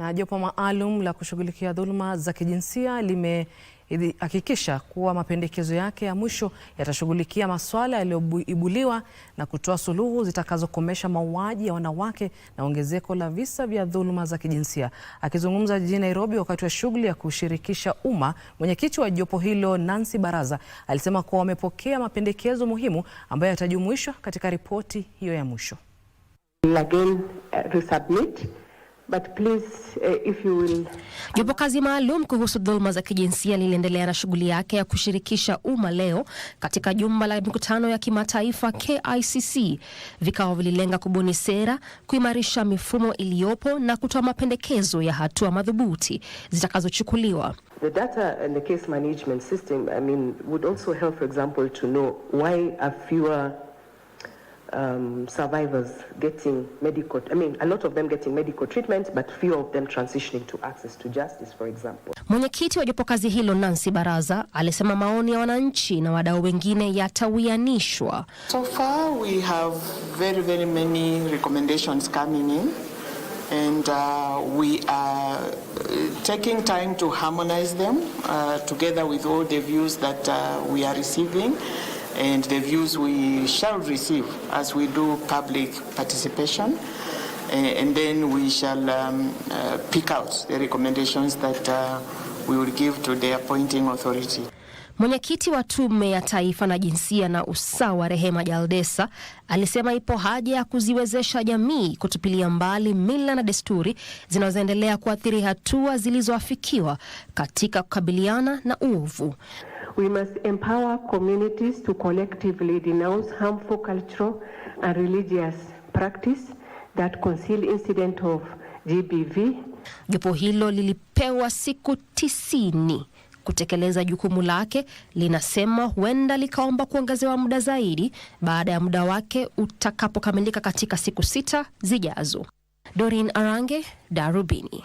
Na jopo maalum la kushughulikia dhuluma za kijinsia limehakikisha kuwa mapendekezo yake ya mwisho yatashughulikia masuala yaliyoibuliwa na kutoa suluhu zitakazokomesha mauaji ya wanawake na ongezeko la visa vya dhuluma za kijinsia. Akizungumza jijini Nairobi wakati wa shughuli ya kushirikisha umma, mwenyekiti wa jopo hilo Nancy Baraza alisema kuwa wamepokea mapendekezo muhimu ambayo yatajumuishwa katika ripoti hiyo ya mwisho. Again, uh, But please, uh, if you will... Jopo kazi maalum kuhusu dhuluma za kijinsia liliendelea na shughuli yake ya kushirikisha umma leo katika jumba la mikutano ya kimataifa KICC. Vikao vililenga kubuni sera, kuimarisha mifumo iliyopo na kutoa mapendekezo ya hatua madhubuti zitakazochukuliwa. The data and the case management system, I mean, would also help, for example, to know why are fewer um, survivors getting medical, I mean, a lot of them getting medical treatment, but few of them transitioning to access to justice, for example. Mwenyekiti wa jopo kazi hilo Nancy Baraza alisema maoni ya wananchi na wadau wengine yatawianishwa. So far we have very, very many recommendations coming in and uh, we are uh, taking time to harmonize them uh, together with all the views that uh, we are receiving and the views we shall receive as we do public participation eh, and then we shall um, uh, pick out the recommendations that uh, we will give to the appointing authority. Mwenyekiti wa Tume ya Taifa na Jinsia na Usawa Rehema Jaldesa alisema ipo haja ya kuziwezesha jamii kutupilia mbali mila na desturi zinazoendelea kuathiri hatua zilizoafikiwa katika kukabiliana na uovu. We must empower communities to collectively denounce harmful cultural and religious practice that conceal incident of GBV. Jopo hilo lilipewa siku tisini kutekeleza jukumu lake linasema huenda likaomba kuongezewa muda zaidi baada ya muda wake utakapokamilika katika siku sita zijazo. dorin Arange, Darubini.